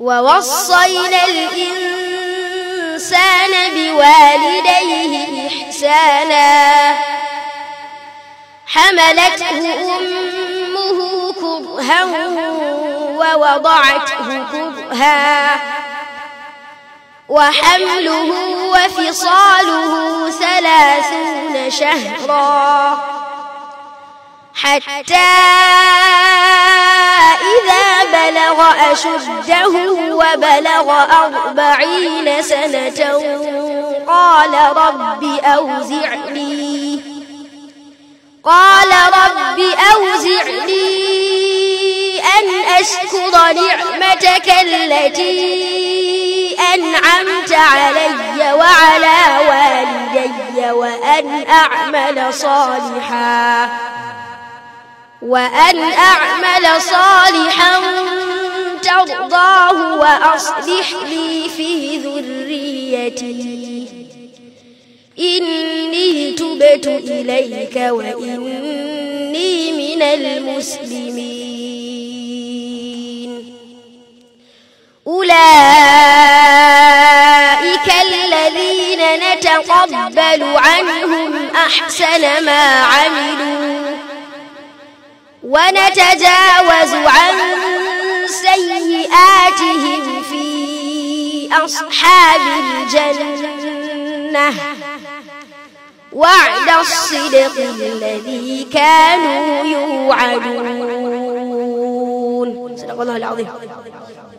ووصينا الإنسان بوالديه إحسانا حملته أمه كرها ووضعته كرها وحمله وفصاله ثلاثون شهرا حتى بلغ أشده وبلغ أربعين سنة قال رب أوزعني قال رب أوزعني أن أشكر نعمتك التي أنعمت علي وعلى والدي وأن أعمل صالحاً وأن أعمل صالحا ترضاه وأصلح لي في ذريتي إني تبت إليك وإني من المسلمين أولئك الذين نتقبل عنهم أحسن ما عملوا ونتجاوز عن سيئاتهم في أصحاب الجنة وعد الصدق الذي كانوا يوعدون صدق الله العظيم